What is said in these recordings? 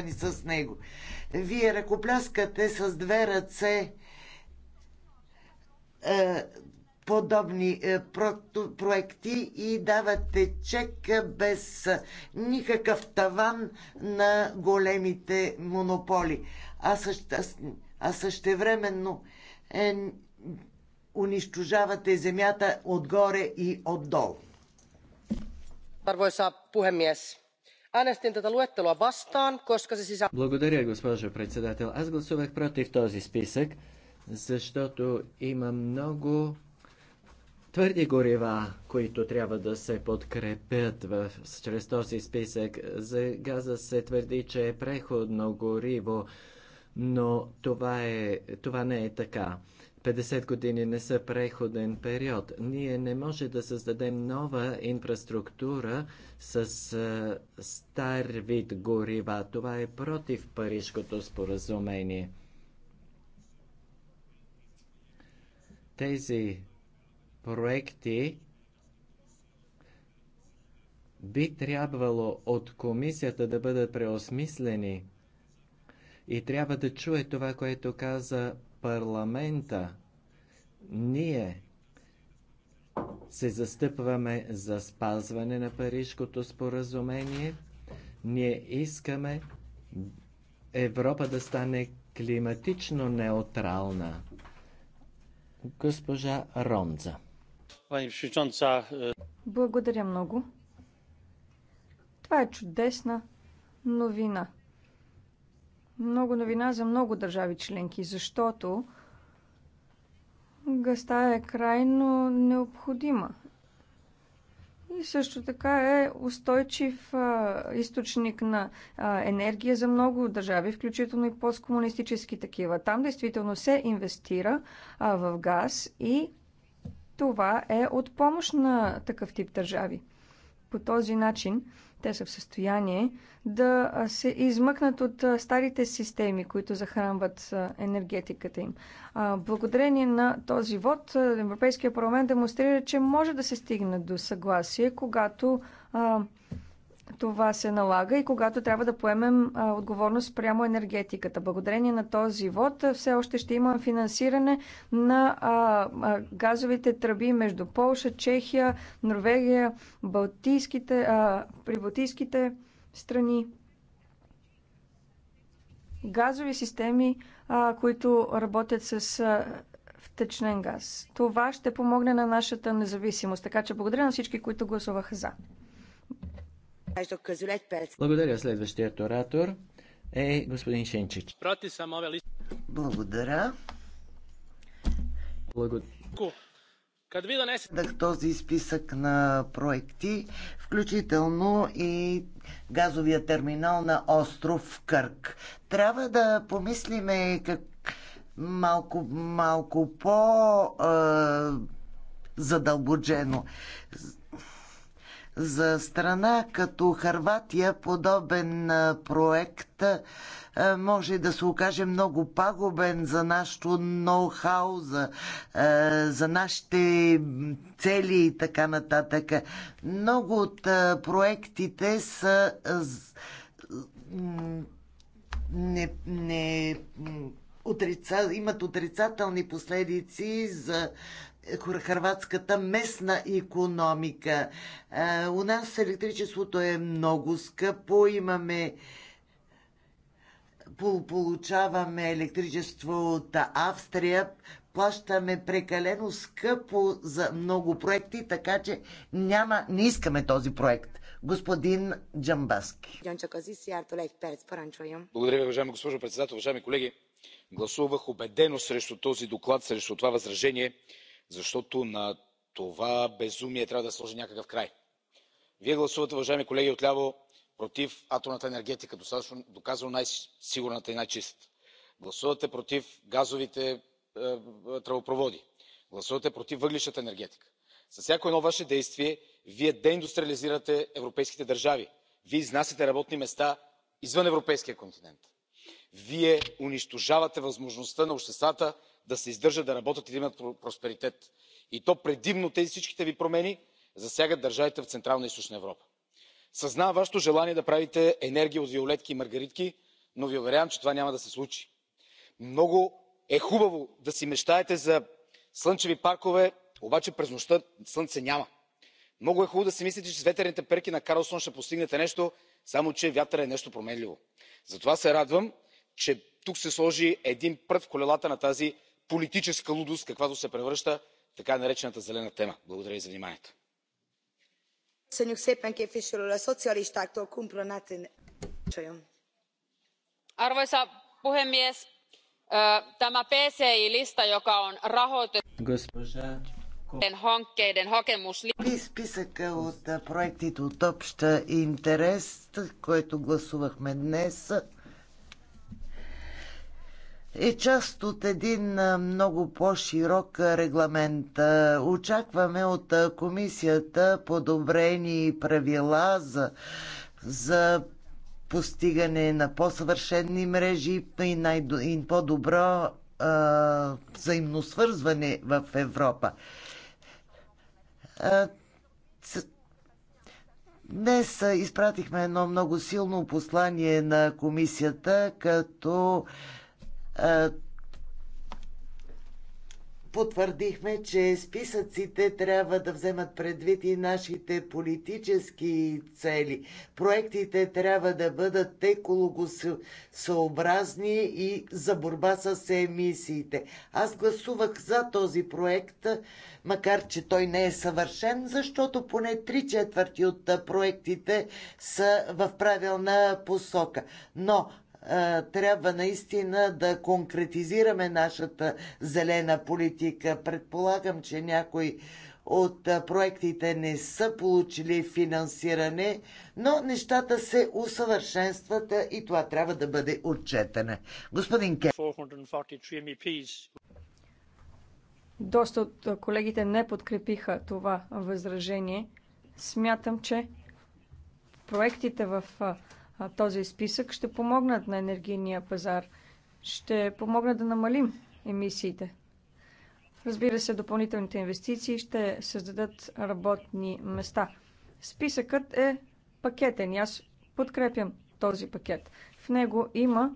свързани с него. Вие ръкопляскате с две ръце е, подобни е, про, проекти и давате чек без никакъв таван на големите монополи. А, също, а същевременно е, унищожавате земята отгоре и отдолу. Arvoisa puhemies Äänestin tätä luetteloa vastaan, koska se sisältää... Благодаря, госпожо председател. Аз гласувах против този списък, защото има много твърди горива, които трябва да се подкрепят в, чрез този списък. За газа се твърди, че е преходно гориво, но това, е, това не е така. 50 години не са преходен период. Ние не може да създадем нова инфраструктура с стар вид горива. Това е против Парижкото споразумение. Тези проекти би трябвало от комисията да бъдат преосмислени и трябва да чуе това, което каза парламента. Ние се застъпваме за спазване на Парижкото споразумение. Ние искаме Европа да стане климатично неутрална. Госпожа Ронза. Е, Благодаря много. Това е чудесна новина. Много новина за много държави членки, защото Гъста е крайно необходима. И също така е устойчив а, източник на а, енергия за много държави, включително и посткомунистически такива. Там действително се инвестира а, в газ и това е от помощ на такъв тип държави. По този начин те са в състояние да се измъкнат от старите системи, които захранват енергетиката им. Благодарение на този вод Европейския парламент демонстрира, че може да се стигне до съгласие, когато това се налага и когато трябва да поемем а, отговорност прямо енергетиката. Благодарение на този вод все още ще има финансиране на а, а, газовите тръби между Полша, Чехия, Норвегия, Балтийските, а, прибалтийските страни. Газови системи, а, които работят с а, втечнен газ. Това ще помогне на нашата независимост. Така че благодаря на всички, които гласуваха за. Благодаря. Следващият оратор е господин Шенчич. Благодаря. Благодаря. Дах този списък на проекти, включително и газовия терминал на остров Кърк. Трябва да помислиме как малко, малко по е, задълбочено. За страна като Харватия подобен проект може да се окаже много пагубен за нашото ноу-хау, за, за нашите цели и така нататък. Много от проектите са не, не отрица, имат отрицателни последици за хрватската местна економика. У нас електричеството е много скъпо, имаме получаваме електричество от Австрия, плащаме прекалено скъпо за много проекти, така че няма, не искаме този проект. Господин Джамбаски. Благодаря ви, уважаема госпожо председател, уважаеми колеги. Гласувах убедено срещу този доклад, срещу това възражение, защото на това безумие трябва да се сложи някакъв край. вие гласувате уважаеми колеги отляво против атомната енергетика достатъчно доказано най сигурната и най чистата. гласувате против газовите е, е, тръбопроводи. гласувате против въглищата енергетика. с всяко едно ваше действие вие деиндустриализирате европейските държави. вие изнасяте работни места извън европейския континент. вие унищожавате възможността на обществата да се издържат да работят и да имат просперитет и то предимно всичките ви промени засягат държавите в централна и източна европа. съзнавам вашето желание да правите енергия от виолетки и маргаритки но ви уверявам че това няма да се случи. много е хубаво да си мечтаете за слънчеви паркове обаче през нощта слънце няма. много е хубаво да си мислите че с ветрените перки на карлсон ще постигнете нещо само че вятърът е нещо променливо. затова се радвам че тук се сложи един прът в колелата на тази политическа лудост каквато се превръща така наречената зелена тема. благодаря ви за вниманието. arvoisa puhemies tämä pci lista joka on hankkeiden списъка от проектите от общ интерес, който гласувахме днес, е част от един много по-широк регламент. Очакваме от комисията подобрени правила за, за постигане на по-съвършенни мрежи и, най- и по-добро взаимно свързване в Европа. А, Днес изпратихме едно много силно послание на комисията, като потвърдихме, че списъците трябва да вземат предвид и нашите политически цели. Проектите трябва да бъдат екологосъобразни и за борба с емисиите. Аз гласувах за този проект, макар че той не е съвършен, защото поне три четвърти от проектите са в правилна посока. Но трябва наистина да конкретизираме нашата зелена политика. Предполагам, че някои от проектите не са получили финансиране, но нещата се усъвършенстват и това трябва да бъде отчетене. Господин Ке. Доста от колегите не подкрепиха това възражение. Смятам, че проектите в този списък ще помогнат на енергийния пазар, ще помогнат да намалим емисиите. Разбира се, допълнителните инвестиции ще създадат работни места. Списъкът е пакетен и аз подкрепям този пакет. В него има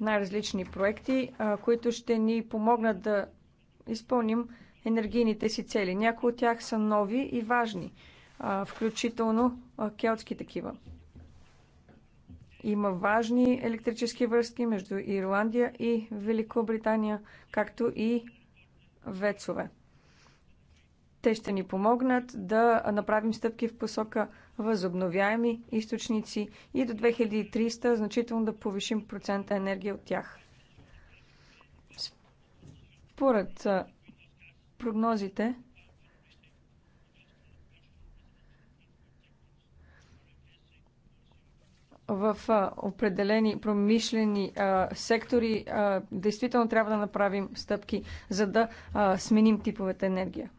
най-различни проекти, а, които ще ни помогнат да изпълним енергийните си цели. Някои от тях са нови и важни, а, включително а, келтски такива. Има важни електрически връзки между Ирландия и Великобритания, както и вецове. Те ще ни помогнат да направим стъпки в посока възобновяеми източници и до 2300 значително да повишим процента енергия от тях. Според прогнозите, в определени промишлени а, сектори, а, действително трябва да направим стъпки, за да а, сменим типовете енергия.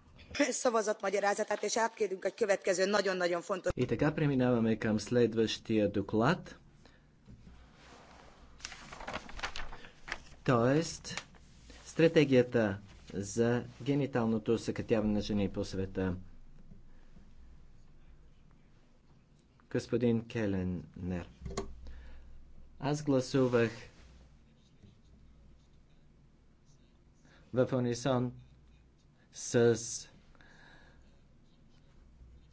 И така преминаваме към следващия доклад. Тоест, стратегията за гениталното съкътяване на жени по света. господин Келенер. Аз гласувах в унисон с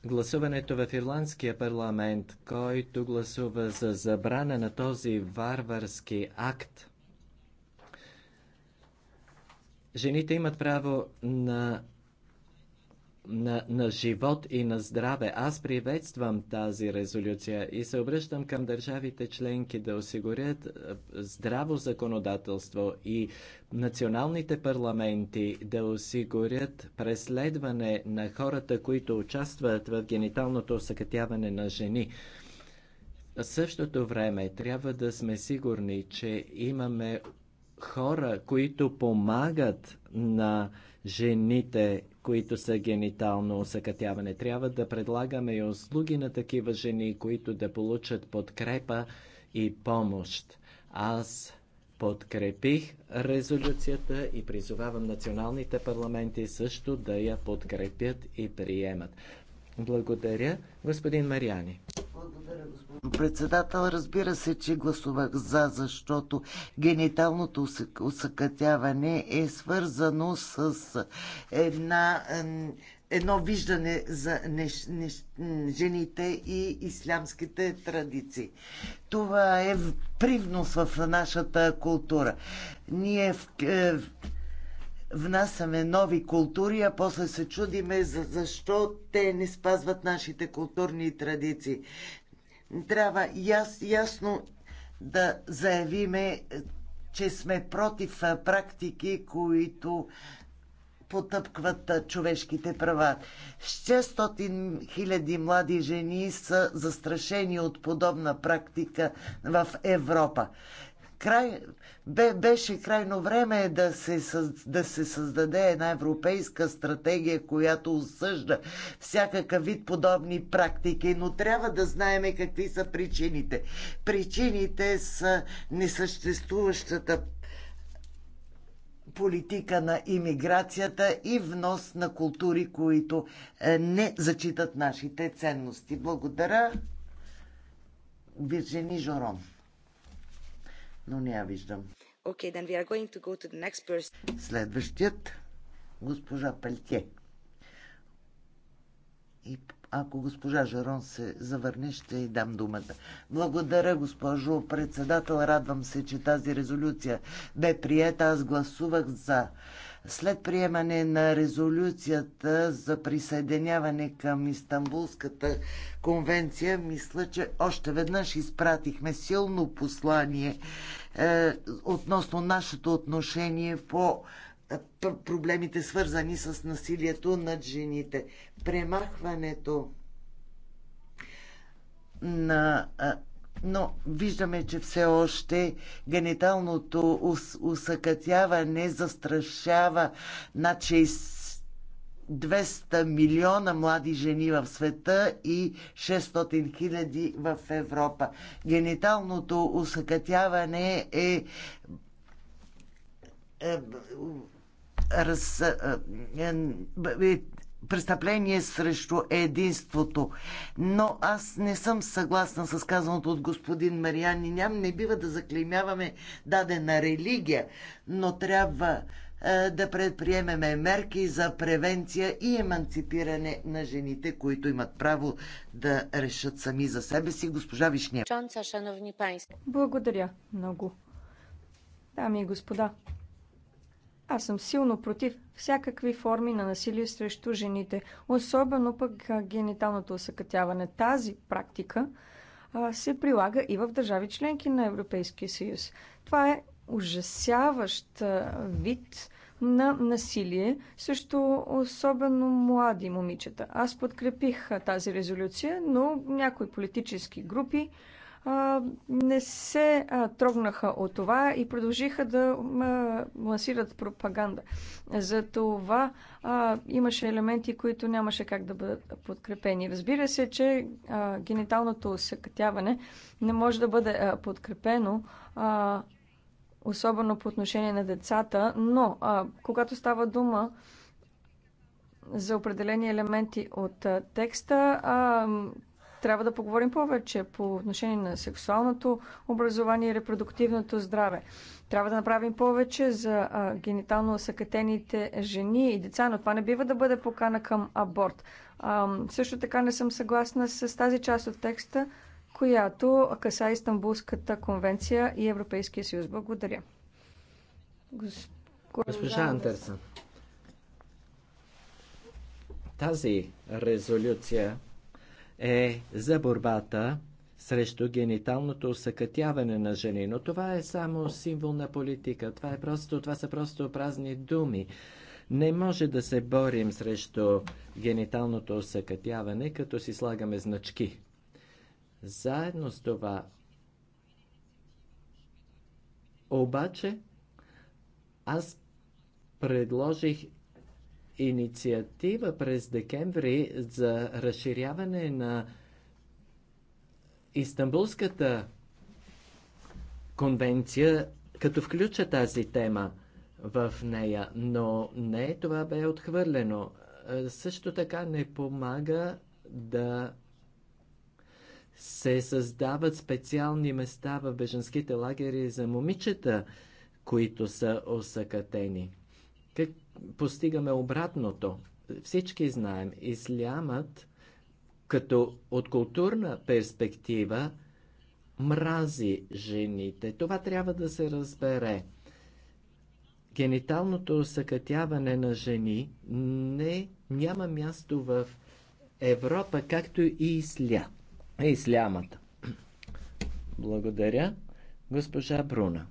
гласуването в Ирландския парламент, който гласува за забрана на този варварски акт. Жените имат право на на, на живот и на здраве. Аз приветствам тази резолюция и се обръщам към държавите членки да осигурят е, здраво законодателство и националните парламенти да осигурят преследване на хората, които участват в гениталното съкътяване на жени. В същото време трябва да сме сигурни, че имаме хора, които помагат на жените които са генитално усъкътяване. Трябва да предлагаме и услуги на такива жени, които да получат подкрепа и помощ. Аз подкрепих резолюцията и призовавам националните парламенти също да я подкрепят и приемат. Благодаря, господин Мариани. Благодаря, господин председател. Разбира се, че гласувах за, защото гениталното усъкътяване е свързано с една едно виждане за неш, неш, жените и ислямските традиции. Това е привнос в нашата култура. Ние в, е, внасяме нови култури, а после се чудиме за, защо те не спазват нашите културни традиции. Трябва яс, ясно да заявиме, че сме против практики, които потъпкват човешките права. 600 000 млади жени са застрашени от подобна практика в Европа край, бе, беше крайно време да се, да се създаде една европейска стратегия, която осъжда всякакъв вид подобни практики, но трябва да знаем какви са причините. Причините са несъществуващата политика на имиграцията и внос на култури, които е, не зачитат нашите ценности. Благодаря. Вирджини Жорон но не я виждам. Okay, then we are going to go to the next person. Следващият, госпожа Пальтие. И ако госпожа Жарон се завърне, ще й дам думата. Благодаря, госпожо председател. Радвам се, че тази резолюция бе приета. Аз гласувах за. След приемане на резолюцията за присъединяване към Истанбулската конвенция, мисля, че още веднъж изпратихме силно послание е, относно нашето отношение по проблемите свързани с насилието над жените. Премахването на но виждаме, че все още гениталното усъкътяване застрашава над 200 милиона млади жени в света и 600 хиляди в Европа. Гениталното усъкътяване е, е раз, е, е, престъпление срещу единството. Но аз не съм съгласна с казаното от господин Мариан. Ням не бива да заклеймяваме дадена религия, но трябва е, да предприемеме мерки за превенция и еманципиране на жените, които имат право да решат сами за себе си. Госпожа Вишня. Благодаря много. Дами и господа, аз съм силно против всякакви форми на насилие срещу жените, особено пък гениталното осъкътяване. Тази практика се прилага и в държави членки на Европейския съюз. Това е ужасяващ вид на насилие срещу особено млади момичета. Аз подкрепих тази резолюция, но някои политически групи не се трогнаха от това и продължиха да лансират пропаганда. За това имаше елементи, които нямаше как да бъдат подкрепени. Разбира се, че гениталното усъкътяване не може да бъде подкрепено особено по отношение на децата, но а, когато става дума за определени елементи от а, текста, а, трябва да поговорим повече по отношение на сексуалното образование и репродуктивното здраве. Трябва да направим повече за а, генитално съкътените жени и деца, но това не бива да бъде покана към аборт. А, също така не съм съгласна с тази част от текста, която каса Истанбулската конвенция и Европейския съюз. Благодаря. Госпожа Антерсън, тази резолюция е за борбата срещу гениталното усъкътяване на жени. Но това е само символ на политика. Това, е просто, това са просто празни думи. Не може да се борим срещу гениталното усъкътяване, като си слагаме значки. Заедно с това, обаче, аз предложих инициатива през декември за разширяване на Истанбулската конвенция, като включа тази тема в нея, но не това бе отхвърлено. Е, също така не помага да се създават специални места в беженските лагери за момичета, които са осъкатени. Как постигаме обратното? Всички знаем, ислямът като от културна перспектива мрази жените. Това трябва да се разбере. Гениталното съкътяване на жени не, няма място в Европа, както и исля, ислямата. Благодаря, госпожа Бруна.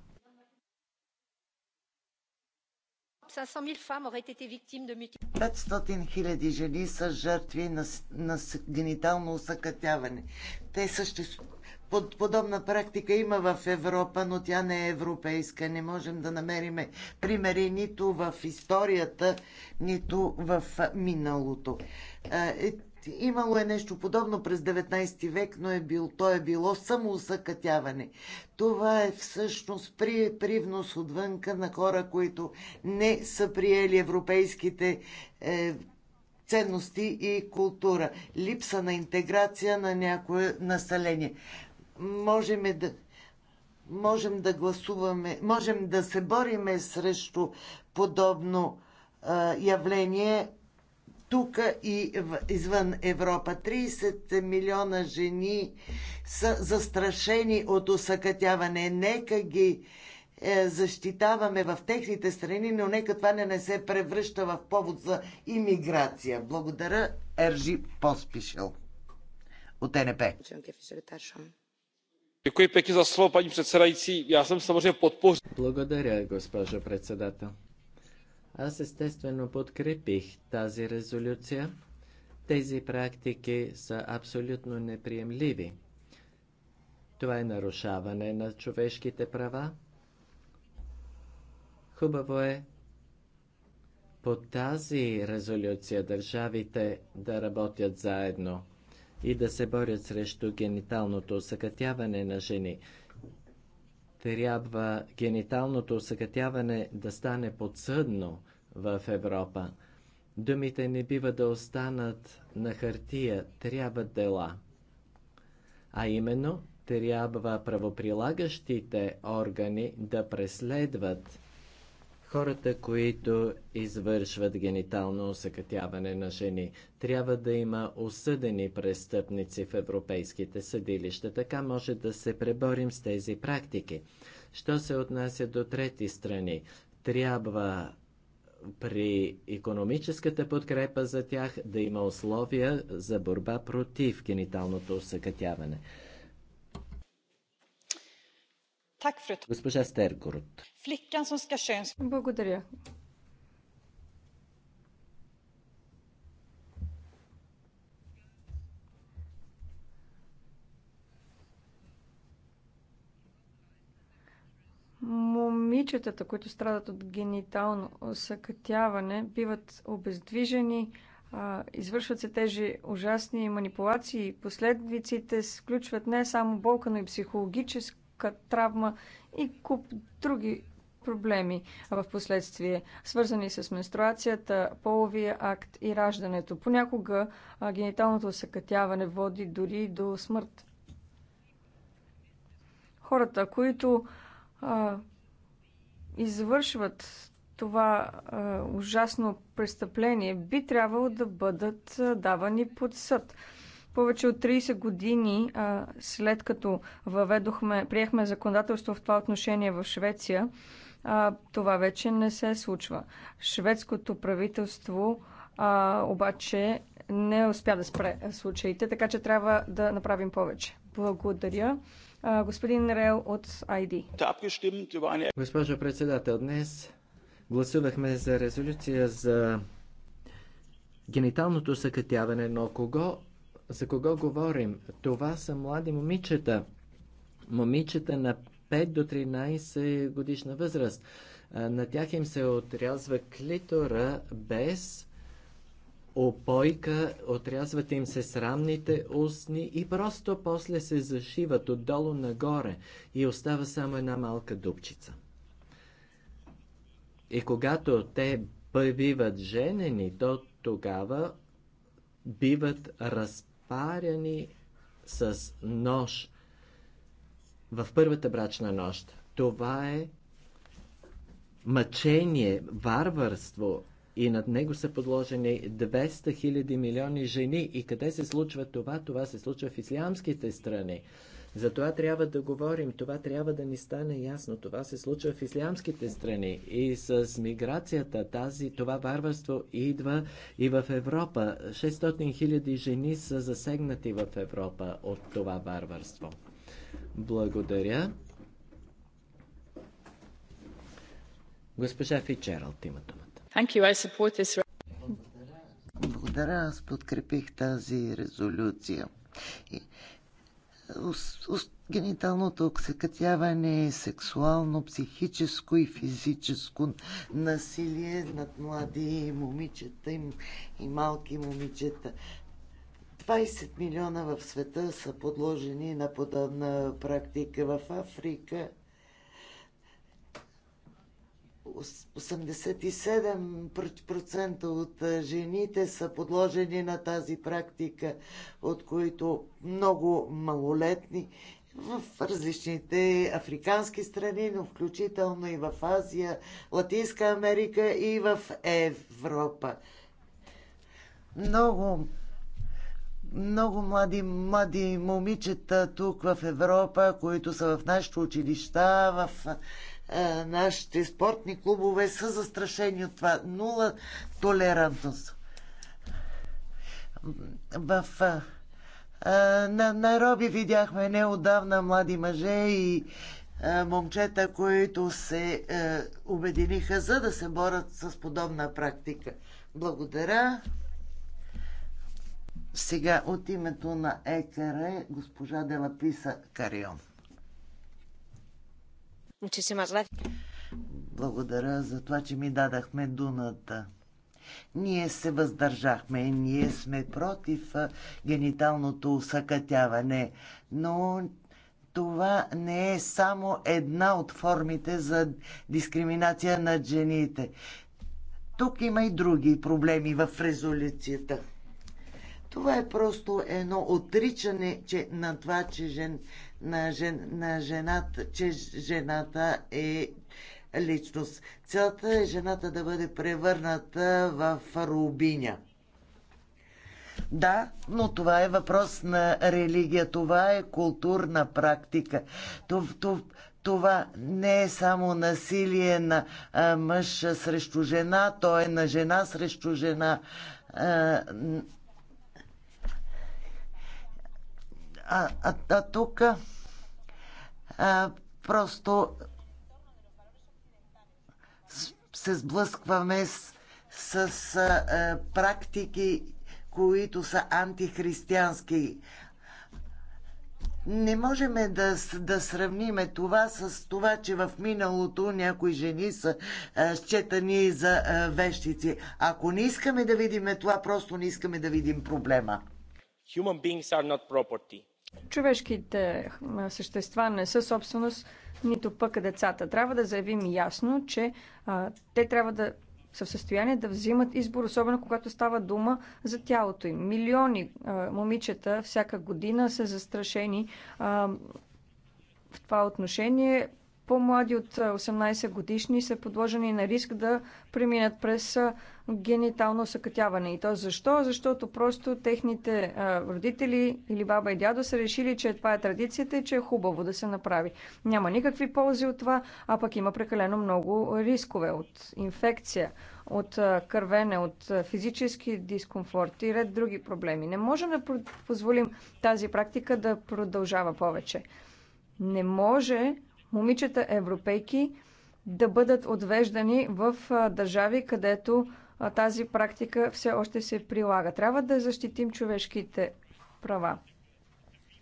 500 хиляди жени са жертви на, генитално усъкътяване. Те също под, подобна практика има в Европа, но тя не е европейска. Не можем да намерим примери нито в историята, нито в миналото. Е, Имало е нещо подобно през 19 век, но е бил, то е било само усъкътяване. Това е всъщност при, привнос отвънка на хора, които не са приели европейските е, ценности и култура. Липса на интеграция на някое население. Можем е да, можем да гласуваме, можем да се бориме срещу подобно е, явление тук и в извън Европа. 30 милиона жени са застрашени от усъкътяване. Нека ги е, защитаваме в техните страни, но нека това не, не се превръща в повод за иммиграция. Благодаря, Ержи Поспишел от НП. Děkuji pěkně za slovo, paní předsedající. Já jsem samozřejmě podpořil. Благодаря, госпожо председател. Аз естествено подкрепих тази резолюция. Тези практики са абсолютно неприемливи. Това е нарушаване на човешките права. Хубаво е по тази резолюция държавите да работят заедно и да се борят срещу гениталното усъкътяване на жени трябва гениталното съкътяване да стане подсъдно в Европа. Думите не бива да останат на хартия, трябва дела. А именно, трябва правоприлагащите органи да преследват хората, които извършват генитално осъкътяване на жени. Трябва да има осъдени престъпници в европейските съдилища. Така може да се преборим с тези практики. Що се отнася до трети страни, трябва при економическата подкрепа за тях да има условия за борба против гениталното усъкътяване. Госпожа Стеркорот. Благодаря. момичетата, които страдат от генитално съкътяване, биват обездвижени, извършват се тези ужасни манипулации. Последвиците включват не само болка, но и психологически шок, травма и куп други проблеми в последствие, свързани с менструацията, половия акт и раждането. Понякога гениталното съкътяване води дори до смърт. Хората, които а, извършват това а, ужасно престъпление, би трябвало да бъдат давани под съд повече от 30 години а, след като въведохме, приехме законодателство в това отношение в Швеция, а, това вече не се случва. Шведското правителство а, обаче не успя да спре случаите, така че трябва да направим повече. Благодаря. А, господин Рел от ID. Госпожо председател, днес гласувахме за резолюция за гениталното съкътяване, но кого за кого говорим? Това са млади момичета. Момичета на 5 до 13 годишна възраст. На тях им се отрязва клитора без опойка, отрязват им се срамните устни и просто после се зашиват отдолу нагоре и остава само една малка дупчица. И когато те биват женени, то тогава биват разпределени разтоварени с нож в първата брачна нощ. Това е мъчение, варварство и над него са подложени 200 000 милиони жени. И къде се случва това? Това се случва в ислямските страни. За това трябва да говорим, това трябва да ни стане ясно. Това се случва в ислямските страни и с миграцията тази, това варварство идва и в Европа. 600 хиляди жени са засегнати в Европа от това варварство. Благодаря. Госпожа Фичералд има думата. Благодаря. Аз подкрепих тази резолюция гениталното оксекатяване е сексуално, психическо и физическо насилие над млади момичета и, и малки момичета. 20 милиона в света са подложени на подобна практика. В Африка 87% от жените са подложени на тази практика, от които много малолетни в различните африкански страни, но включително и в Азия, Латинска Америка и в Европа. Много много млади, млади момичета тук в Европа, които са в нашите училища, в е, нашите спортни клубове са застрашени от това. Нула толерантност. В е, е, на Найроби видяхме неодавна млади мъже и момчета, които се обединиха за да се борят с подобна практика. Благодаря. Сега от името на ЕКР госпожа Делаписа Карион. Благодаря за това, че ми дадахме думата. Ние се въздържахме, ние сме против гениталното усъкътяване, но това не е само една от формите за дискриминация на жените. Тук има и други проблеми в резолюцията. Това е просто едно отричане че, на това, че жен, на, жен, на жената, че жената е личност. Целта е жената да бъде превърната в рубиня. Да, но това е въпрос на религия, това е културна практика. Това не е само насилие на мъж срещу жена, то е на жена срещу жена А, а, а тук а, просто се сблъскваме с, с а, практики, които са антихристиянски. Не можем да, да сравниме това с това, че в миналото някои жени са а, счетани за а, вещици. Ако не искаме да видим това, просто не искаме да видим проблема. Human beings are not property Човешките същества не са собственост, нито пък децата. Трябва да заявим ясно, че а, те трябва да са в състояние да взимат избор, особено когато става дума за тялото им. Милиони а, момичета всяка година са застрашени а, в това отношение по-млади от 18 годишни са подложени на риск да преминат през генитално съкътяване. И то защо? Защото просто техните родители или баба и дядо са решили, че това е традицията и че е хубаво да се направи. Няма никакви ползи от това, а пък има прекалено много рискове от инфекция, от кървене, от физически дискомфорт и ред други проблеми. Не можем да позволим тази практика да продължава повече. Не може момичета европейки да бъдат отвеждани в държави, където тази практика все още се прилага. Трябва да защитим човешките права.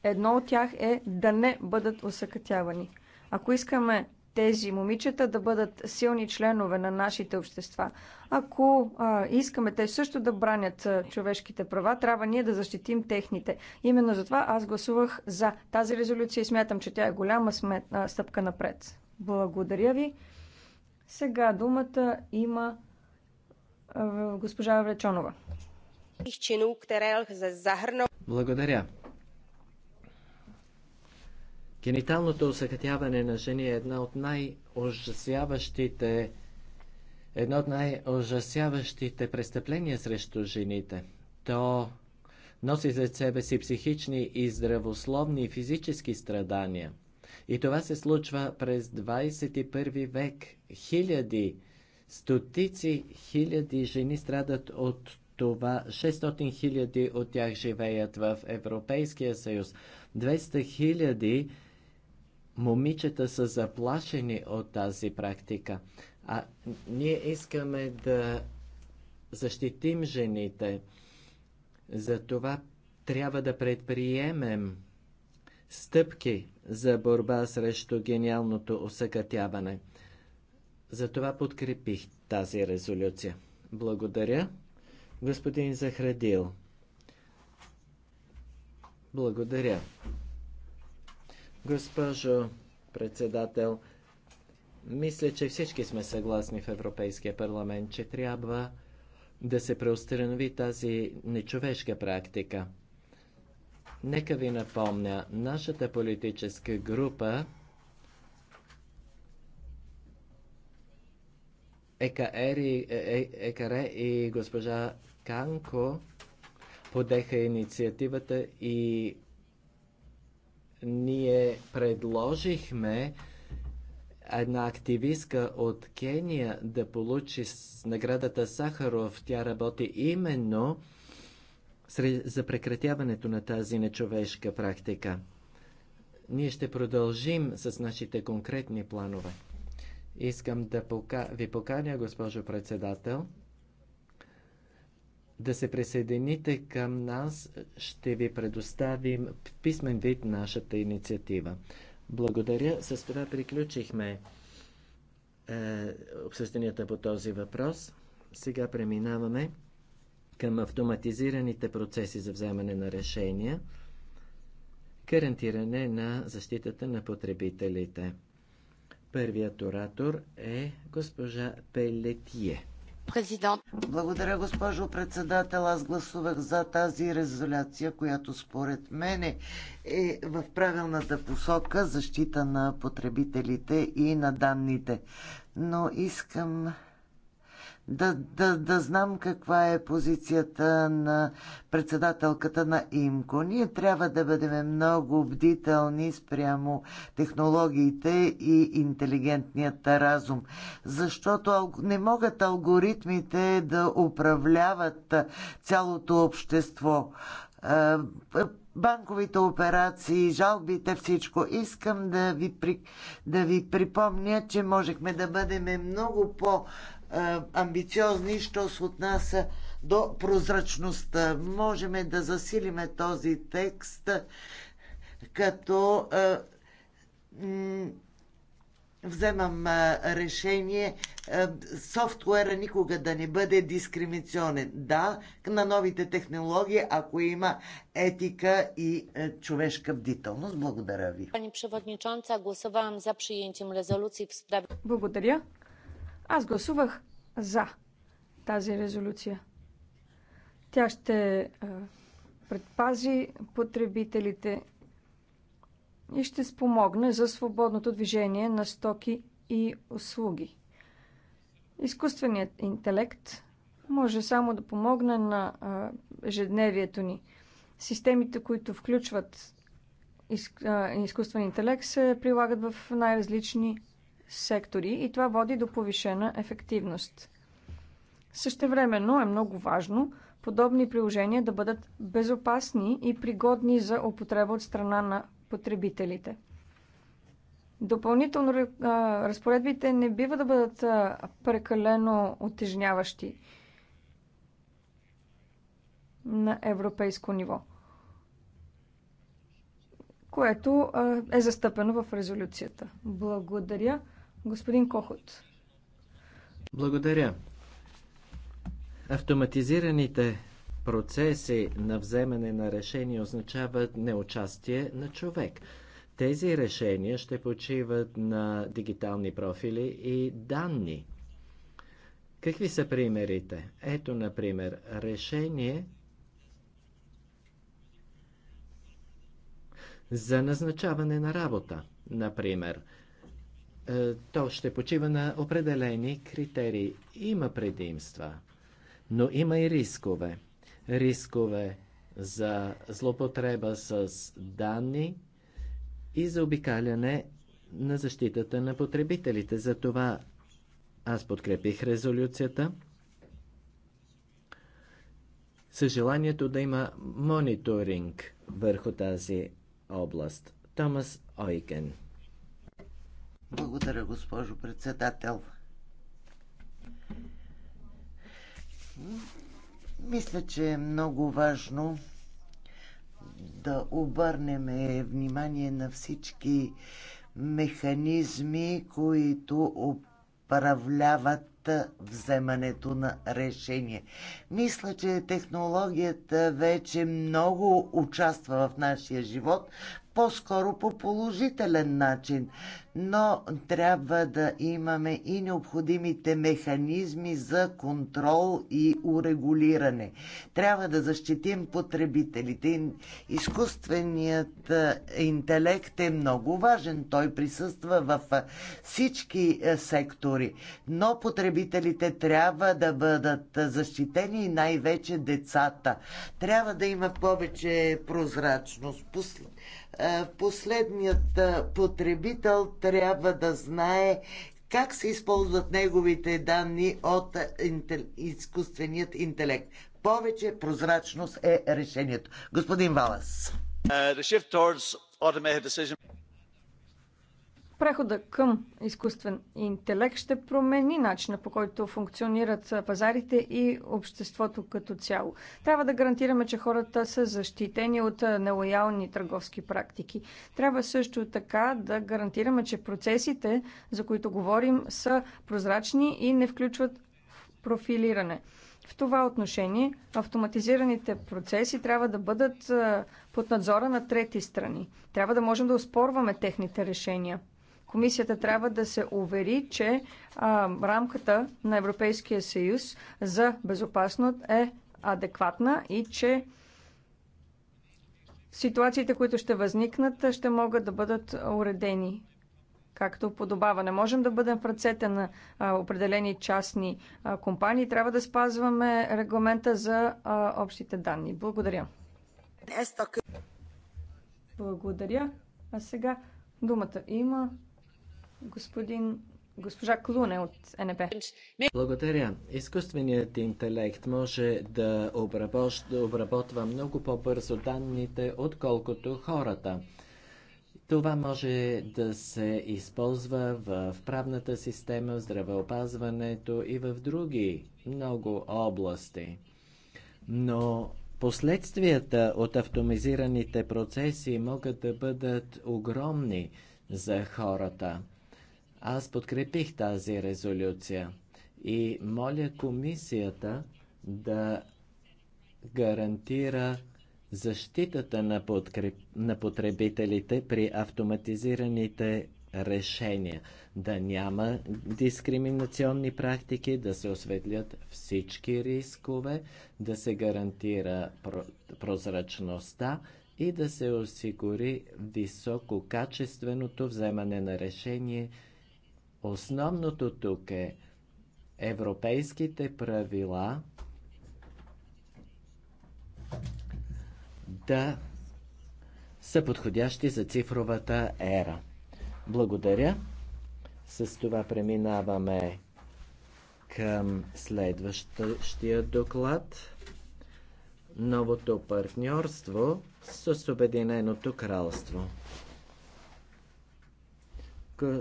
Едно от тях е да не бъдат усъкътявани. Ако искаме тези момичета да бъдат силни членове на нашите общества. Ако а, искаме те също да бранят а, човешките права, трябва ние да защитим техните. Именно затова аз гласувах за тази резолюция и смятам, че тя е голяма смет, а, стъпка напред. Благодаря ви. Сега думата има а, госпожа Вречонова. Е, Благодаря. Гениталното осъкътяване на жени е една от най-ужасяващите едно от най-ужасяващите престъпления срещу жените. То носи за себе си психични и здравословни и физически страдания. И това се случва през 21 век. Хиляди, стотици хиляди жени страдат от това. 600 хиляди от тях живеят в Европейския съюз. 200 хиляди 000 момичета са заплашени от тази практика. А ние искаме да защитим жените. Затова трябва да предприемем стъпки за борба срещу гениалното усъкътяване. Затова подкрепих тази резолюция. Благодаря, господин Захрадил. Благодаря. Госпожо председател, мисля, че всички сме съгласни в Европейския парламент, че трябва да се преустанови тази нечовешка практика. Нека ви напомня, нашата политическа група Екаери, е, е Екаре и госпожа Канко подеха инициативата и ние предложихме една активистка от Кения да получи наградата Сахаров. Тя работи именно за прекратяването на тази нечовешка практика. Ние ще продължим с нашите конкретни планове. Искам да ви поканя, госпожо председател, да се присъедините към нас, ще ви предоставим писмен вид нашата инициатива. Благодаря. С това приключихме е, обсъжданията по този въпрос. Сега преминаваме към автоматизираните процеси за вземане на решения, гарантиране на защитата на потребителите. Първият оратор е госпожа Пелетие. Президент. Благодаря, госпожо председател. Аз гласувах за тази резолюция, която според мен е в правилната посока защита на потребителите и на данните. Но искам да, да, да знам каква е позицията на председателката на ИМКО. Ние трябва да бъдем много бдителни спрямо технологиите и интелигентният разум, защото не могат алгоритмите да управляват цялото общество е, е, банковите операции, жалбите, всичко. Искам да ви, при, да ви припомня, че можехме да бъдем много по- амбициозни, що се отнася до прозрачността. Можеме да засилиме този текст, като вземам решение софтуера никога да не бъде дискриминационен. Да, на новите технологии, ако има етика и човешка бдителност. Благодаря ви. Пани гласувам за резолюции в справ... Благодаря. Аз гласувах за тази резолюция. Тя ще предпази потребителите и ще спомогне за свободното движение на стоки и услуги. Изкуственият интелект може само да помогне на ежедневието ни. Системите, които включват изкуствен интелект, се прилагат в най-различни сектори и това води до повишена ефективност. Същевременно е много важно подобни приложения да бъдат безопасни и пригодни за употреба от страна на потребителите. Допълнително разпоредбите не бива да бъдат прекалено отежняващи на европейско ниво, което е застъпено в резолюцията. Благодаря. Господин Кохот. Благодаря. Автоматизираните процеси на вземане на решения означават неучастие на човек. Тези решения ще почиват на дигитални профили и данни. Какви са примерите? Ето, например, решение за назначаване на работа, например – е, то ще почива на определени критерии. Има предимства, но има и рискове. Рискове за злопотреба с данни и за обикаляне на защитата на потребителите. Затова аз подкрепих резолюцията с желанието да има мониторинг върху тази област. Томас Ойген благодаря, госпожо председател. Мисля, че е много важно да обърнем внимание на всички механизми, които управляват вземането на решение. Мисля, че технологията вече много участва в нашия живот, по-скоро по положителен начин, но трябва да имаме и необходимите механизми за контрол и урегулиране. Трябва да защитим потребителите. Изкуственият е, интелект е много важен. Той присъства в е, всички е, сектори, но потребителите трябва да бъдат защитени и най-вече децата. Трябва да има повече прозрачност. Е, последният е, потребител трябва да знае как се използват неговите данни от е, изкуственият интелект. Повече прозрачност е решението. Господин Валас. Прехода към изкуствен интелект ще промени начина по който функционират пазарите и обществото като цяло. Трябва да гарантираме, че хората са защитени от нелоялни търговски практики. Трябва също така да гарантираме, че процесите, за които говорим, са прозрачни и не включват профилиране. В това отношение автоматизираните процеси трябва да бъдат под надзора на трети страни. Трябва да можем да оспорваме техните решения. Комисията трябва да се увери, че а, рамката на Европейския съюз за безопасност е адекватна и че ситуациите, които ще възникнат, ще могат да бъдат уредени както не Можем да бъдем в ръцете на а, определени частни а, компании. Трябва да спазваме регламента за а, общите данни. Благодаря. Благодаря. А сега думата има Господин Госпожа Клуне от НП. Благодаря. Изкуственият интелект може да обработва много по-бързо данните, отколкото хората. Това може да се използва в правната система, в здравеопазването и в други много области. Но последствията от автомизираните процеси могат да бъдат огромни за хората. Аз подкрепих тази резолюция и моля комисията да гарантира защитата на, подкреп... на потребителите при автоматизираните решения, да няма дискриминационни практики, да се осветлят всички рискове, да се гарантира прозрачността и да се осигури висококачественото вземане на решение – Основното тук е европейските правила да са подходящи за цифровата ера. Благодаря. С това преминаваме към следващия доклад. Новото партньорство с Обединеното кралство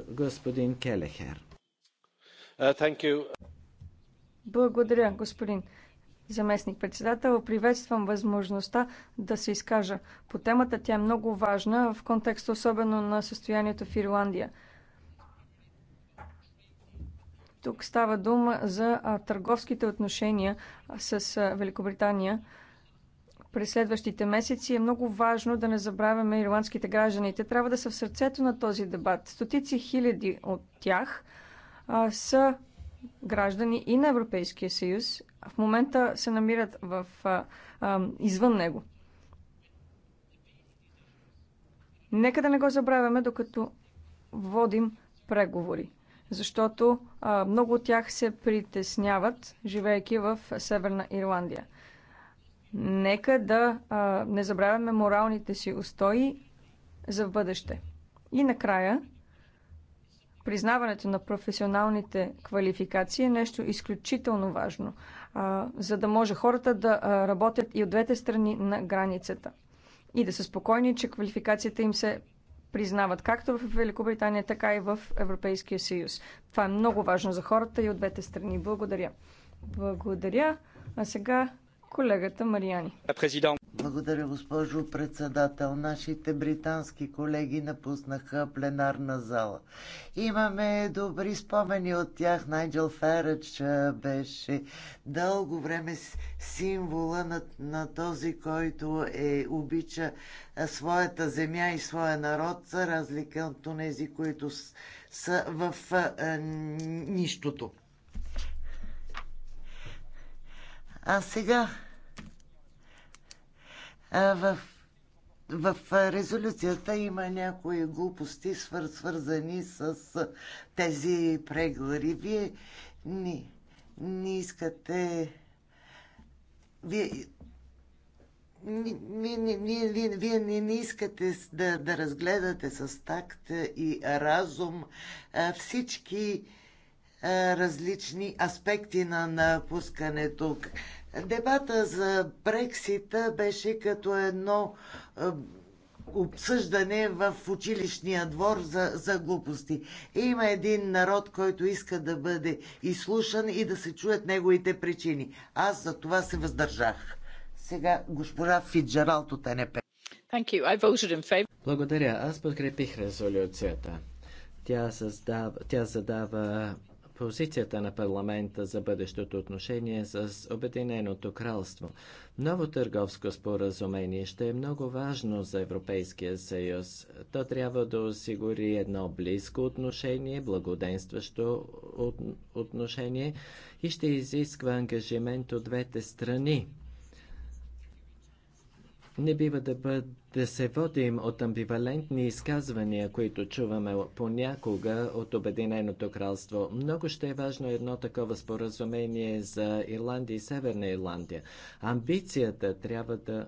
господин Келехер. Uh, Благодаря, господин заместник председател. Приветствам възможността да се изкажа по темата. Тя е много важна в контекста особено на състоянието в Ирландия. Тук става дума за търговските отношения с Великобритания – през следващите месеци, е много важно да не забравяме ирландските граждани. Те трябва да са в сърцето на този дебат. Стотици хиляди от тях а, са граждани и на Европейския съюз. В момента се намират в, а, а, извън него. Нека да не го забравяме, докато водим преговори защото а, много от тях се притесняват, живеейки в Северна Ирландия. Нека да а, не забравяме моралните си устои за в бъдеще. И накрая, признаването на професионалните квалификации е нещо изключително важно, а, за да може хората да а, работят и от двете страни на границата. И да са спокойни, че квалификацията им се признават както в Великобритания, така и в Европейския съюз. Това е много важно за хората и от двете страни. Благодаря. Благодаря. А сега колегата Мариани. Благодаря, госпожо председател. Нашите британски колеги напуснаха пленарна зала. Имаме добри спомени от тях. Найджел Ферач беше дълго време символа на, на този, който е, обича своята земя и своя народ, за разлика от тези, които са в е, нищото. А сега в, в резолюцията има някои глупости, свър, свързани с тези преговори. Вие не, не искате. Вие вие, не, не искате да, да разгледате с такт и разум всички различни аспекти на напускането. Дебата за Брексита беше като едно обсъждане в училищния двор за, за глупости. Има един народ, който иска да бъде изслушан и да се чуят неговите причини. Аз за това се въздържах. Сега госпожа Фиджералд от НП. Благодаря. Аз подкрепих резолюцията. Тя, създава, тя задава позицията на парламента за бъдещото отношение с Обединеното кралство. Ново търговско споразумение ще е много важно за Европейския съюз. То трябва да осигури едно близко отношение, благоденстващо отношение и ще изисква ангажимент от двете страни. Не бива да, бъд, да се водим от амбивалентни изказвания, които чуваме понякога от Обединеното кралство. Много ще е важно едно такова споразумение за Ирландия и Северна Ирландия. Амбицията трябва да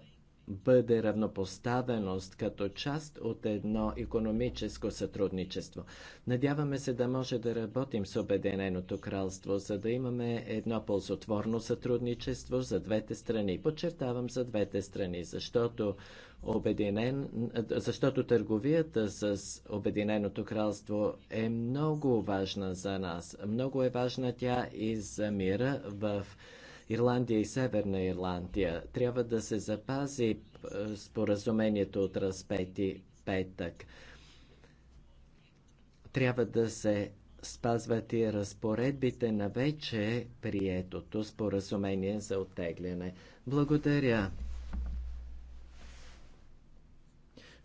бъде равнопоставеност като част от едно економическо сътрудничество. Надяваме се да може да работим с Обединеното кралство, за да имаме едно ползотворно сътрудничество за двете страни. Подчертавам за двете страни, защото Обединен, защото търговията с Обединеното кралство е много важна за нас. Много е важна тя и за мира в Ирландия и Северна Ирландия. Трябва да се запази е, споразумението от разпети петък. Трябва да се спазват и разпоредбите на вече приетото споразумение за оттегляне. Благодаря.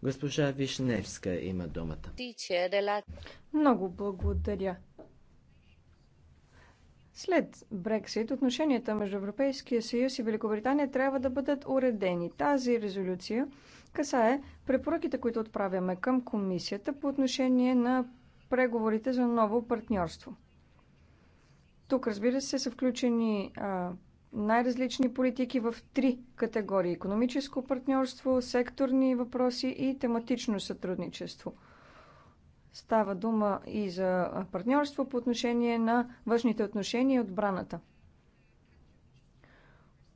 Госпожа Вишневска има думата. Много благодаря. След Брексит отношенията между Европейския съюз и Великобритания трябва да бъдат уредени. Тази резолюция касае препоръките, които отправяме към комисията по отношение на преговорите за ново партньорство. Тук, разбира се, са включени най-различни политики в три категории – економическо партньорство, секторни въпроси и тематично сътрудничество – Става дума и за партньорство по отношение на външните отношения и отбраната.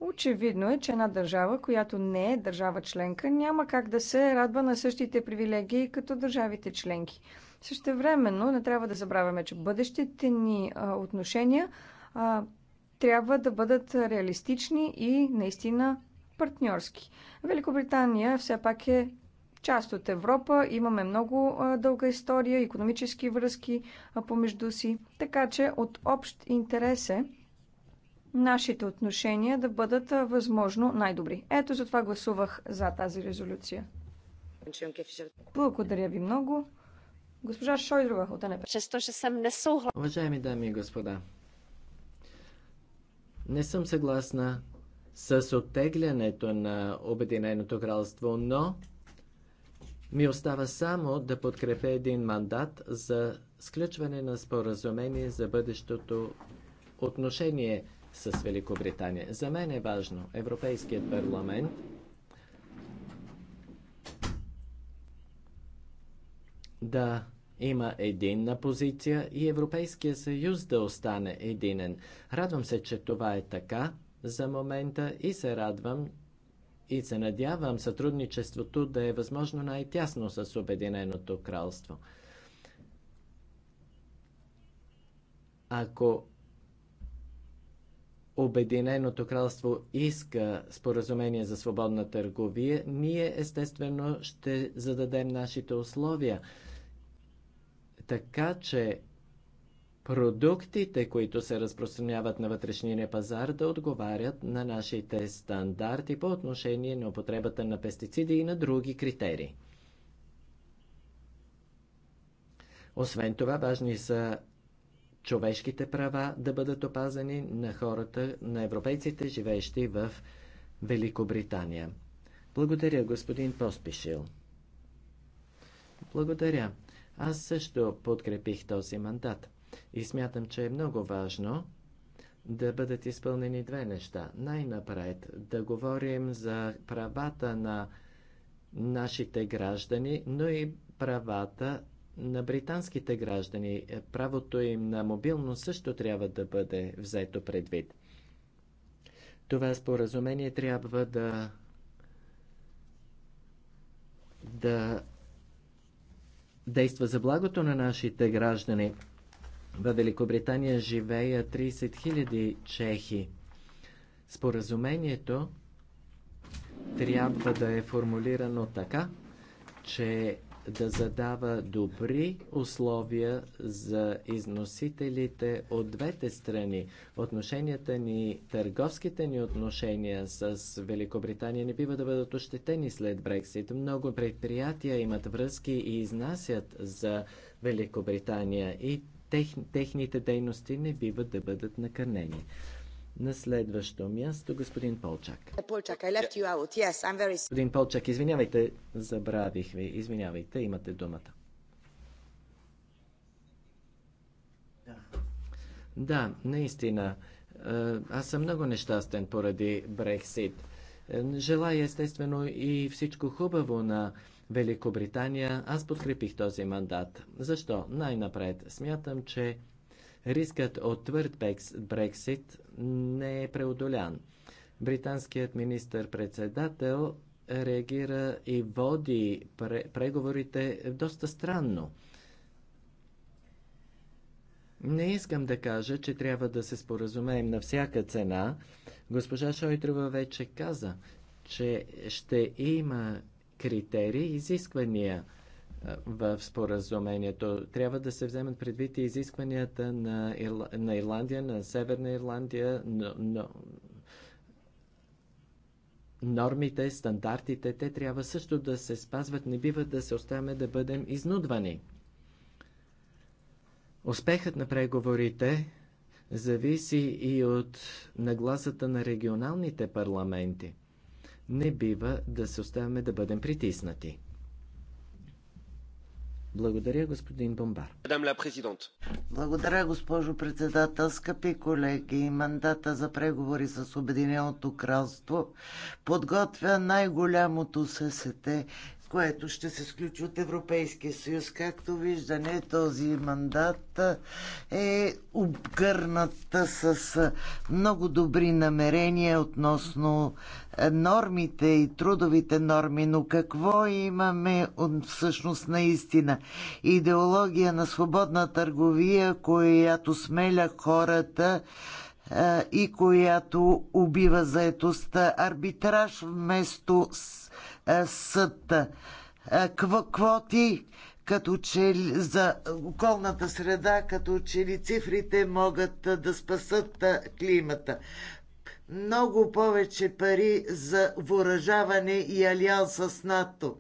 Очевидно е, че една държава, която не е държава членка, няма как да се радва на същите привилегии като държавите членки. времено не трябва да забравяме, че бъдещите ни отношения а, трябва да бъдат реалистични и наистина партньорски. Великобритания все пак е част от Европа. Имаме много дълга история, економически връзки помежду си. Така че от общ интерес е нашите отношения да бъдат възможно най-добри. Ето затова гласувах за тази резолюция. Благодаря ви много. Госпожа Шойдрова от НП. Често ще съм не Уважаеми дами и господа, не съм съгласна с оттеглянето на Обединеното кралство, но ми остава само да подкрепя един мандат за сключване на споразумение за бъдещото отношение с Великобритания. За мен е важно Европейският парламент да има единна позиция и Европейския съюз да остане единен. Радвам се, че това е така за момента и се радвам, и се надявам сътрудничеството да е възможно най-тясно с Обединеното кралство. Ако Обединеното кралство иска споразумение за свободна търговия, ние естествено ще зададем нашите условия. Така че продуктите, които се разпространяват на вътрешния пазар, да отговарят на нашите стандарти по отношение на употребата на пестициди и на други критерии. Освен това, важни са човешките права да бъдат опазани на хората, на европейците, живеещи в Великобритания. Благодаря, господин Поспишил. Благодаря. Аз също подкрепих този мандат. И смятам, че е много важно да бъдат изпълнени две неща. Най-напред да говорим за правата на нашите граждани, но и правата на британските граждани. Правото им на мобилност също трябва да бъде взето предвид. Това споразумение трябва да да действа за благото на нашите граждани. Във Великобритания живея 30 000 чехи. Споразумението трябва да е формулирано така, че да задава добри условия за износителите от двете страни. Отношенията ни, търговските ни отношения с Великобритания не бива да бъдат ощетени след Брексит. Много предприятия имат връзки и изнасят за Великобритания и Тех, техните дейности не биват да бъдат накърнени. На следващо място господин Полчак. Полчак, I left you out. Yes, I'm very... Господин Полчак, извинявайте, забравих ви. Извинявайте, имате думата. Да, наистина. Аз съм много нещастен поради Брексит. Е, желая естествено и всичко хубаво на Великобритания, аз подкрепих този мандат. Защо? Най-напред смятам, че рискът от твърд Брексит не е преодолян. Британският министър-председател реагира и води преговорите доста странно. Не искам да кажа, че трябва да се споразумеем на всяка цена. Госпожа Шойтрова вече каза, че ще има критерии, изисквания в споразумението. Трябва да се вземат предвид и изискванията на, Ирла... на Ирландия, на Северна Ирландия, но, но... нормите, стандартите, те трябва също да се спазват. Не бива да се оставяме да бъдем изнудвани. Успехът на преговорите зависи и от нагласата на регионалните парламенти – не бива да се оставяме да бъдем притиснати. Благодаря, господин Бомбар. Благодаря, госпожо председател. Скъпи колеги, мандата за преговори с Обединеното кралство подготвя най-голямото ССТ което ще се сключи от Европейския съюз. Както виждане, този мандат е обгърнат с много добри намерения относно нормите и трудовите норми, но какво имаме от всъщност наистина? Идеология на свободна търговия, която смеля хората и която убива заетостта. Арбитраж вместо с съд квоти, като че за околната среда, като че ли цифрите могат да спасат климата. Много повече пари за въоръжаване и алианса с НАТО.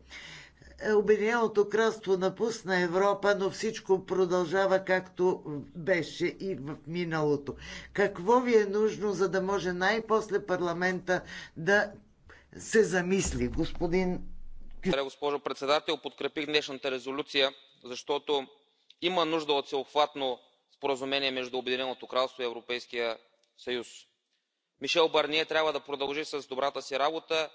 Е, Обединеното кралство напусна Европа, но всичко продължава както беше и в миналото. Какво ви е нужно, за да може най-после парламента да се замисли. Господин... Благодаря, госпожо председател. Подкрепих днешната резолюция, защото има нужда от всеобхватно споразумение между Обединеното кралство и Европейския съюз. Мишел Барние трябва да продължи с добрата си работа,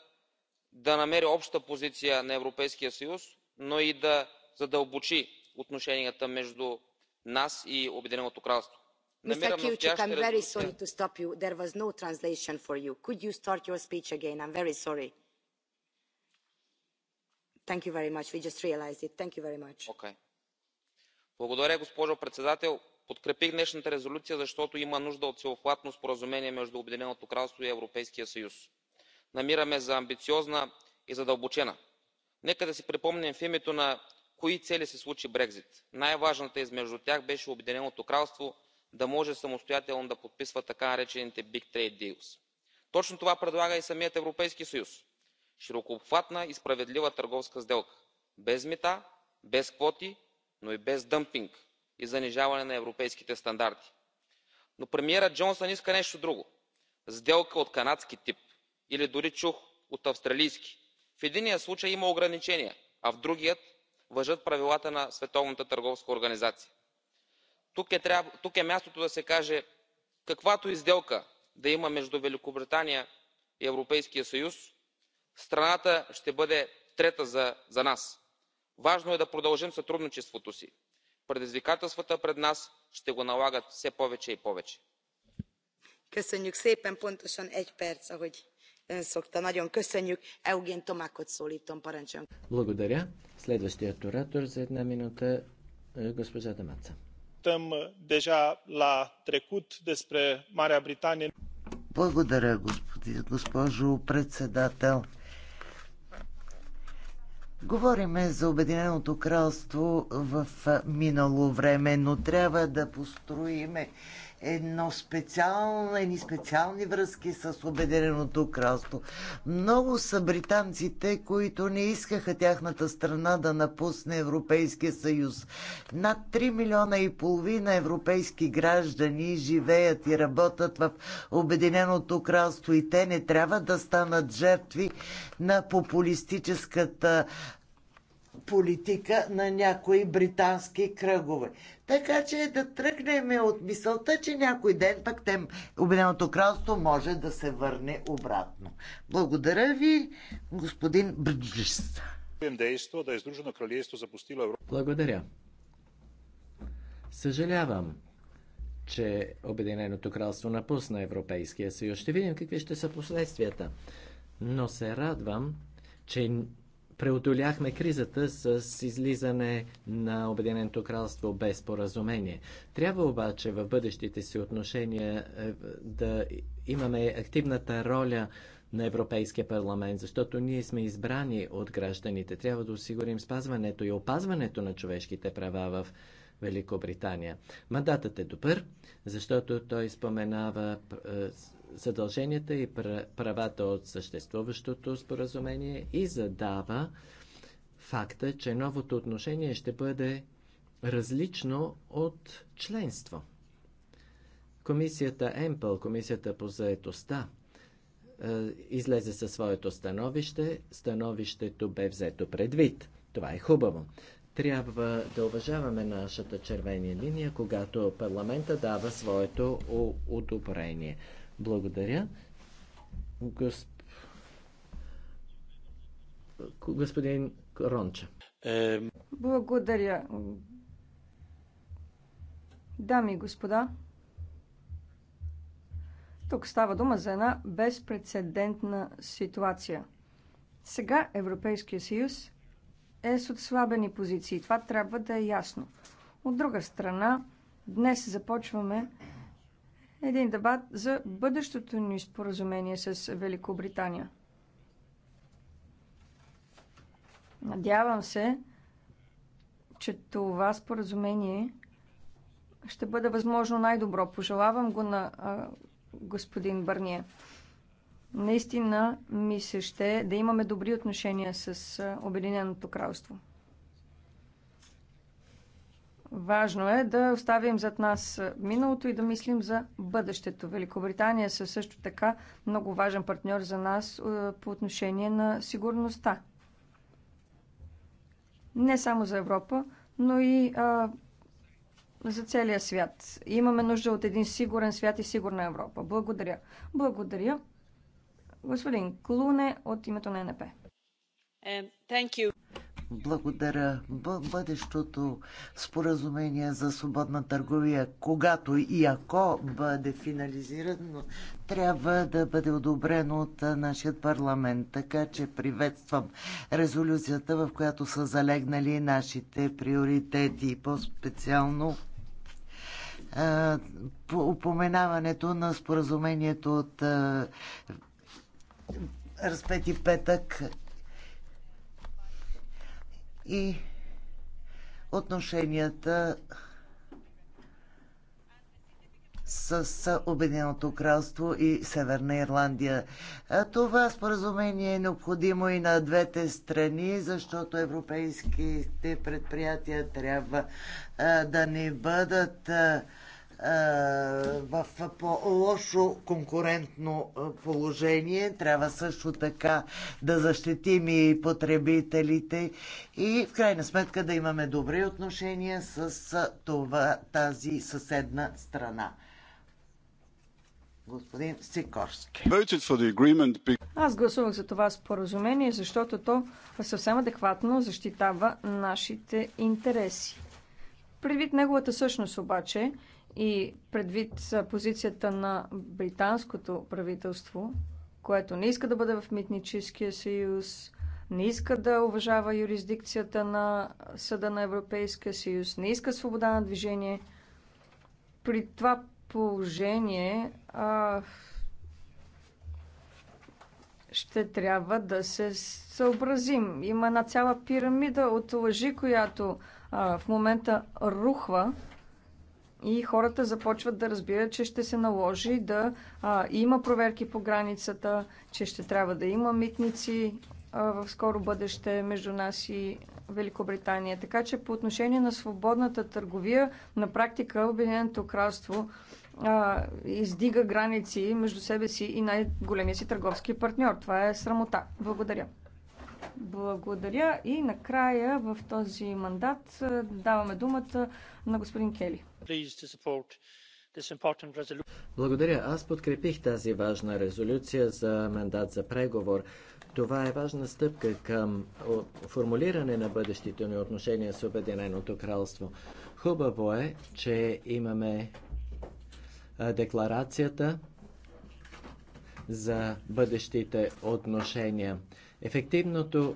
да намери обща позиция на Европейския съюз, но и да задълбочи отношенията между нас и Обединеното кралство. Mr. I'm very sorry to stop you. There was no translation for you. Could you start your speech again? I'm very sorry. Thank you very much. We just realized it. Thank you very much. Okay. Благодаря, госпожо председател. Подкрепих днешната резолюция, защото има нужда от всеобхватно споразумение между Обединеното кралство и Европейския съюз. Намираме за амбициозна и задълбочена. Нека да си припомним в името на кои цели се случи Брекзит. Най-важната измежду тях беше Обединеното кралство – да може самостоятелно да подписва така наречените big trade deals. точно това предлага и самият европейски съюз широкообхватна и справедлива търговска сделка без мита без квоти но и без дъмпинг и занижаване на европейските стандарти. но премиерът джонсън иска нещо друго сделка от канадски тип или дори чух от австралийски. в единия случай има ограничения а в другия важат правилата на световната търговска организация. Е тук е мястото да се каже каквато и сделка да има между великобритания и европейския съюз страната ще бъде трета за нас. важно е да продължим сътрудничеството си. предизвикателствата пред нас ще го налагат все повече и повече. Благодаря. Следващият оратор за една минута е, госпожа Дамаца discutăm deja la trecut despre Marea Britanie. Благодаря, госпожо председател. Говориме за Обединеното кралство в минало време, но трябва да построиме едно специално, едни специални връзки с Обединеното кралство. Много са британците, които не искаха тяхната страна да напусне Европейския съюз. Над 3 милиона и половина европейски граждани живеят и работят в Обединеното кралство и те не трябва да станат жертви на популистическата политика на някои британски кръгове. Така че да тръгнем от мисълта, че някой ден пък тем Обединеното кралство може да се върне обратно. Благодаря ви, господин Бриджис. Е Благодаря. Съжалявам, че Обединеното кралство напусна Европейския съюз. Ще видим какви ще са последствията. Но се радвам, че преодоляхме кризата с излизане на Обединеното кралство без поразумение. Трябва обаче в бъдещите си отношения е, да имаме активната роля на Европейския парламент, защото ние сме избрани от гражданите. Трябва да осигурим спазването и опазването на човешките права в Великобритания. Мандатът е добър, защото той споменава е, задълженията и правата от съществуващото споразумение и задава факта, че новото отношение ще бъде различно от членство. Комисията ЕМПЛ, Комисията по заетостта, е, излезе със своето становище. Становището бе взето предвид. Това е хубаво трябва да уважаваме нашата червена линия, когато парламента дава своето одобрение. Благодаря. Госп... Господин Ронча. Благодаря. Дами и господа, тук става дума за една безпредседентна ситуация. Сега Европейския съюз е с отслабени позиции. Това трябва да е ясно. От друга страна, днес започваме един дебат за бъдещото ни споразумение с Великобритания. Надявам се, че това споразумение ще бъде възможно най-добро. Пожелавам го на а, господин Бърния. Наистина ми се ще да имаме добри отношения с Обединеното кралство. Важно е да оставим зад нас миналото и да мислим за бъдещето. Великобритания са също така много важен партньор за нас по отношение на сигурността. Не само за Европа, но и а, за целия свят. Имаме нужда от един сигурен свят и сигурна Европа. Благодаря. Благодаря. Господин Клуне от името на НП. Благодаря. Бъдещото споразумение за свободна търговия, когато и ако бъде финализирано, трябва да бъде одобрено от нашия парламент. Така че приветствам резолюцията, в която са залегнали нашите приоритети и по-специално упоменаването на споразумението от разпети петък и отношенията с Обединеното кралство и Северна Ирландия. Това споразумение е необходимо и на двете страни, защото европейските предприятия трябва да не бъдат е, в по-лошо конкурентно е, положение. Трябва също така да защитим и потребителите и в крайна сметка да имаме добри отношения с е, това, тази съседна страна. Господин Сикорски. Аз гласувах за това споразумение, защото то съвсем адекватно защитава нашите интереси. Предвид неговата същност обаче, и предвид позицията на британското правителство, което не иска да бъде в митническия съюз, не иска да уважава юрисдикцията на Съда на Европейския съюз, не иска свобода на движение. При това положение а, ще трябва да се съобразим. Има една цяла пирамида от лъжи, която а, в момента рухва и хората започват да разбират, че ще се наложи да а, има проверки по границата, че ще трябва да има митници а, в скоро бъдеще между нас и Великобритания. Така че по отношение на свободната търговия, на практика Обединеното кралство а, издига граници между себе си и най-големия си търговски партньор. Това е срамота. Благодаря. Благодаря и накрая в този мандат даваме думата на господин Кели. Благодаря. Аз подкрепих тази важна резолюция за мандат за преговор. Това е важна стъпка към формулиране на бъдещите ни отношения с Обединеното кралство. Хубаво е, че имаме декларацията за бъдещите отношения. Ефективното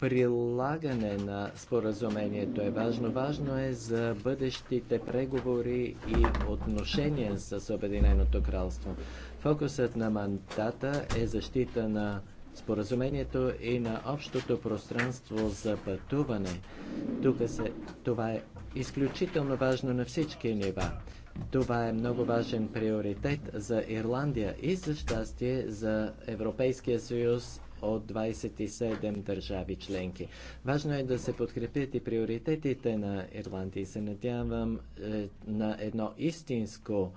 прилагане на споразумението е важно. Важно е за бъдещите преговори и отношения с Обединеното кралство. Фокусът на мандата е защита на споразумението и на общото пространство за пътуване. Тук се, това е изключително важно на всички нива. Това е много важен приоритет за Ирландия и за щастие за Европейския съюз от 27 държави членки. Важно е да се подкрепят и приоритетите на Ирландия и се надявам е, на едно истинско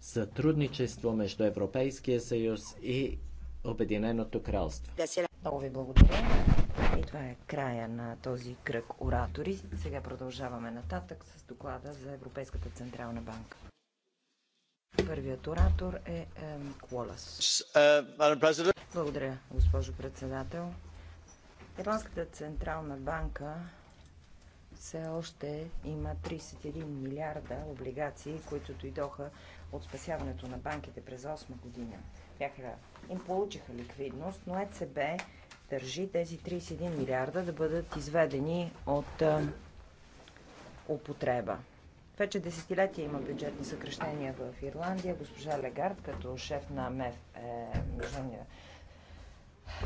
сътрудничество между Европейския съюз и Обединеното кралство. Много ви благодаря. И това е края на този кръг оратори. Сега продължаваме нататък с доклада за Европейската централна банка. Първият оратор е, е Благодаря, госпожо председател. Японската централна банка все още има 31 милиарда облигации, които дойдоха от спасяването на банките през 8 година. Бяха, им получиха ликвидност, но ЕЦБ държи тези 31 милиарда да бъдат изведени от а, е, употреба. Вече десетилетия има бюджетни съкрещения в Ирландия. Госпожа Легард, като шеф на МЕФ, е, Международния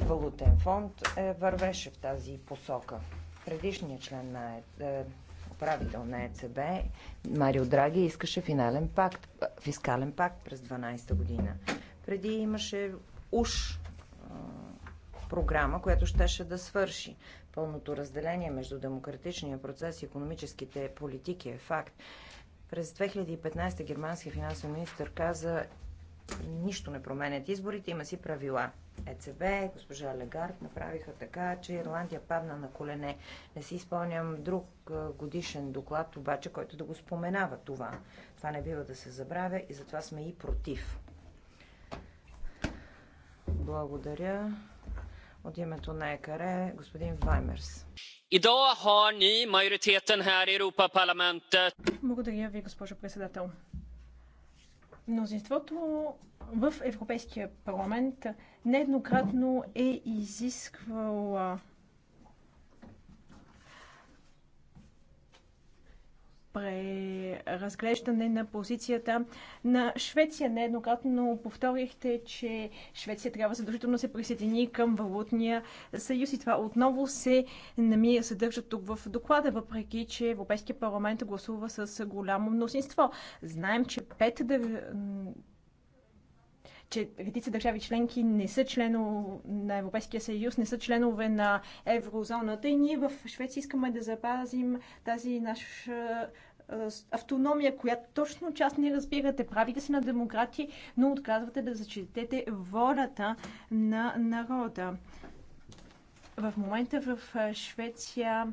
валутен фонд, е, вървеше в тази посока. Предишният член на е, управител на ЕЦБ, Марио Драги, искаше финален пакт, фискален пакт през 12-та година. Преди имаше уж програма, която щеше да свърши. Пълното разделение между демократичния процес и економическите политики е факт. През 2015 германския финансов министр каза, нищо не променят изборите, има си правила. ЕЦБ, госпожа Легард направиха така, че Ирландия падна на колене. Не си изпълням друг годишен доклад, обаче, който да го споменава това. Това не бива да се забравя и затова сме и против. Благодаря. От името на ЕКАРЕ, господин Ваймерс. Благодаря ви, госпожо председател. Мнозинството в Европейския парламент нееднократно е изисквало преразглеждане на позицията на Швеция. Нееднократно повторихте, че Швеция трябва задължително да се присъедини към Валутния съюз и това отново се намира, съдържа тук в доклада, въпреки, че Европейския парламент гласува с голямо мнозинство. Знаем, че пет че редица държави членки не са членове на Европейския съюз, не са членове на еврозоната и ние в Швеция искаме да запазим тази наша автономия, която точно част не разбирате. Правите се на демократи, но отказвате да зачетете волята на народа. В момента в Швеция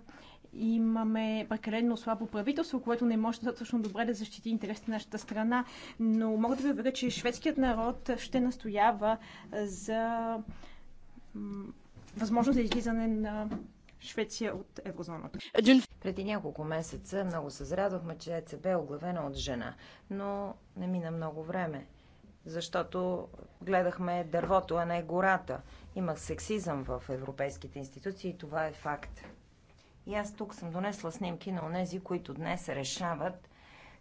имаме прекалено слабо правителство, което не може достатъчно добре да защити интересите на нашата страна. Но мога да ви уверя, че шведският народ ще настоява за възможност за излизане на Швеция от еврозоната. Преди няколко месеца много се зарадвахме, че ЕЦБ е оглавена от жена, но не мина много време, защото гледахме дървото, а не гората. Имах сексизъм в европейските институции и това е факт. И аз тук съм донесла снимки на онези, които днес решават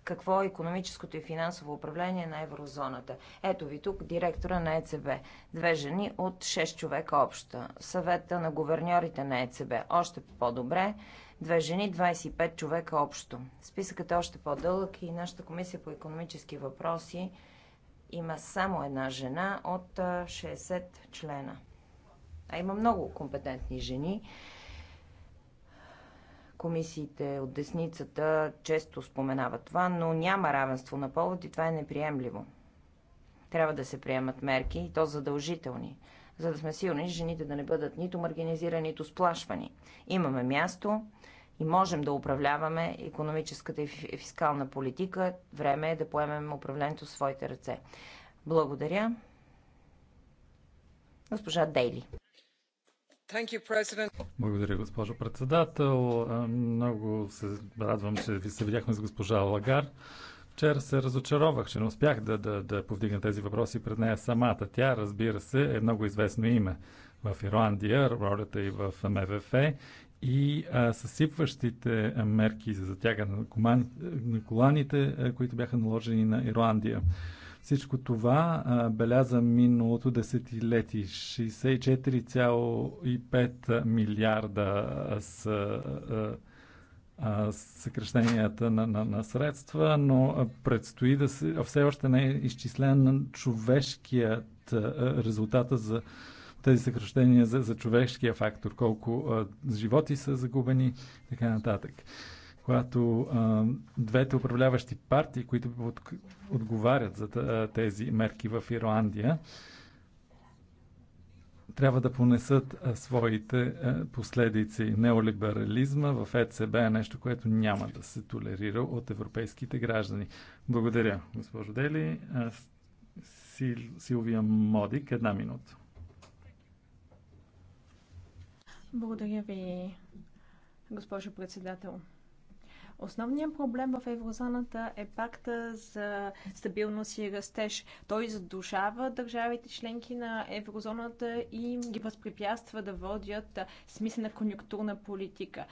какво е економическото и финансово управление на еврозоната. Ето ви тук директора на ЕЦБ. Две жени от 6 човека обща. Съвета на говерньорите на ЕЦБ. Още по-добре. Две жени, 25 човека общо. Списъкът е още по-дълъг и нашата комисия по економически въпроси има само една жена от 60 члена. А има много компетентни жени Комисиите от десницата често споменават това, но няма равенство на повод и това е неприемливо. Трябва да се приемат мерки и то задължителни, за да сме силни жените да не бъдат нито маргинизирани, нито сплашвани. Имаме място и можем да управляваме економическата и фискална политика. Време е да поемем управлението в своите ръце. Благодаря. Госпожа Дейли. Благодаря, госпожо председател. Много се радвам, че ви се видяхме с госпожа Лагар. Вчера се разочаровах, че не успях да, да, да повдигна тези въпроси пред нея самата. Тя, разбира се, е много известно име в Ирландия, ролята и в МВФ и а, съсипващите мерки за затягане на, на коланите, които бяха наложени на Ирландия. Всичко това а, беляза миналото десетилетие. 64,5 милиарда с а, а, съкрещенията на, на, на средства, но предстои да се. Все още не е изчислен на човешкият а, резултата за тези съкрещения за, за човешкия фактор, колко а, животи са загубени, така нататък когато а, двете управляващи партии, които от, отговарят за тези мерки в Ирландия, трябва да понесат а, своите а, последици. Неолиберализма в ЕЦБ е нещо, което няма да се толерира от европейските граждани. Благодаря, госпожо Дели. А, Сил, Силвия Модик, една минута. Благодаря ви, госпожо председател. Основният проблем в еврозоната е пакта за стабилност и растеж. Той задушава държавите членки на еврозоната и ги възпрепятства да водят смислена конъюнктурна политика.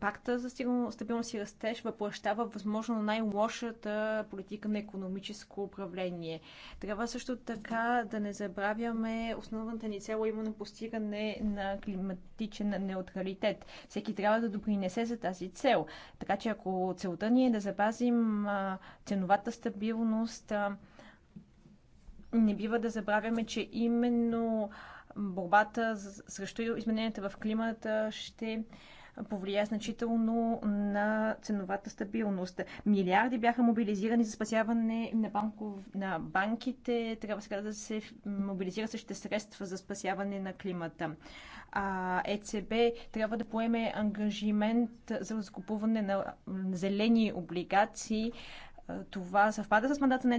Пакта за стабилност и растеж въплащава възможно най-лошата политика на економическо управление. Трябва също така да не забравяме основната ни цел, именно постигане на климатичен неутралитет. Всеки трябва да допринесе за тази цел. Така че ако целта ни е да запазим ценовата стабилност, не бива да забравяме, че именно борбата срещу измененията в климата ще повлия значително на ценовата стабилност. Милиарди бяха мобилизирани за спасяване на, банков, на банките. Трябва сега да се мобилизира същите средства за спасяване на климата. А ЕЦБ трябва да поеме ангажимент за закупуване на зелени облигации. Това съвпада с мандата на ЕЦБ